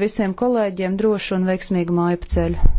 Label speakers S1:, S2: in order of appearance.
S1: visiem kolēģiem drošu un veiksmīgu māju ceļu.